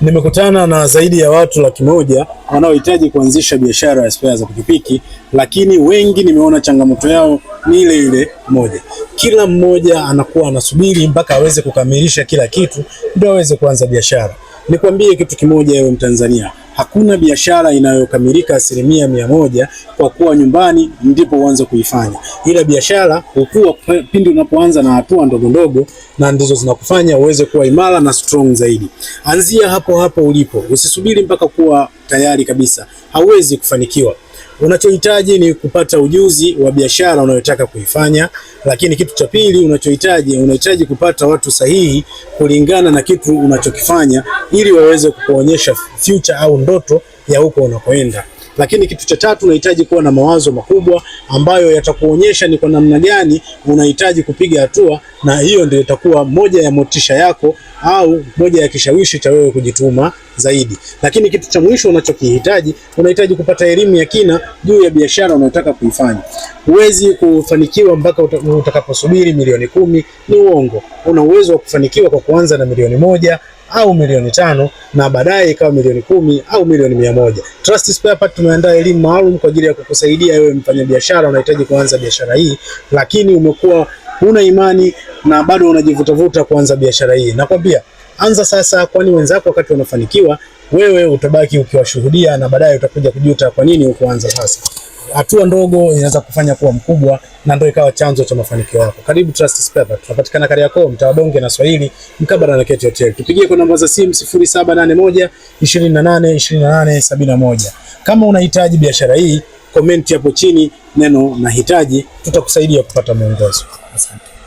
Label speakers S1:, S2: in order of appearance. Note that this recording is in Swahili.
S1: Nimekutana na zaidi ya watu laki moja wanaohitaji kuanzisha biashara ya spare za pikipiki, lakini wengi nimeona changamoto yao ni ile ile moja. Kila mmoja anakuwa anasubiri mpaka aweze kukamilisha kila kitu ndio aweze kuanza biashara. Nikwambie kitu kimoja, ewe Mtanzania, hakuna biashara inayokamilika asilimia mia moja kwa kuwa nyumbani ndipo uanze kuifanya, ila biashara hukua pindi unapoanza na hatua ndogo ndogo, na ndizo zinakufanya uweze kuwa imara na strong zaidi. Anzia hapo hapo ulipo, usisubiri mpaka kuwa tayari kabisa, hauwezi kufanikiwa. Unachohitaji ni kupata ujuzi wa biashara unayotaka kuifanya, lakini kitu cha pili unachohitaji, unahitaji kupata watu sahihi kulingana na kitu unachokifanya, ili waweze kukuonyesha future au ndoto ya huko unakoenda. Lakini kitu cha tatu, unahitaji kuwa na mawazo makubwa ambayo yatakuonyesha ni kwa namna gani unahitaji kupiga hatua, na hiyo ndio itakuwa moja ya motisha yako au moja ya kishawishi cha wewe kujituma zaidi. Lakini kitu cha mwisho unachokihitaji, unahitaji kupata elimu ya kina juu ya biashara unayotaka kuifanya. Huwezi kufanikiwa mpaka utakaposubiri milioni kumi, ni uongo. Una uwezo wa kufanikiwa kwa kuanza na milioni moja au milioni tano na baadaye ikawa milioni kumi au milioni mia moja. Trust Spare Part tumeandaa elimu maalum kwa ajili ya kukusaidia wewe mfanyabiashara unahitaji kuanza biashara hii, lakini umekuwa huna imani na bado unajivutavuta kuanza biashara hii, nakwambia Anza sasa, kwani wenzako wakati wanafanikiwa, wewe utabaki ukiwashuhudia na baadaye utakuja kujuta kwa nini ukuanza sasa. Hatua ndogo inaweza kufanya kuwa mkubwa na ndio ikawa chanzo cha mafanikio yako. Karibu Trust Spare, Tunapatikana Kariakoo, mtaa wa Donge na Swahili, mkabala na Kete Hotel. Tupigie kwa namba za simu 0781 28 28 Kama unahitaji biashara hii, komenti hapo chini neno nahitaji, tutakusaidia kupata mwongozo. Asante.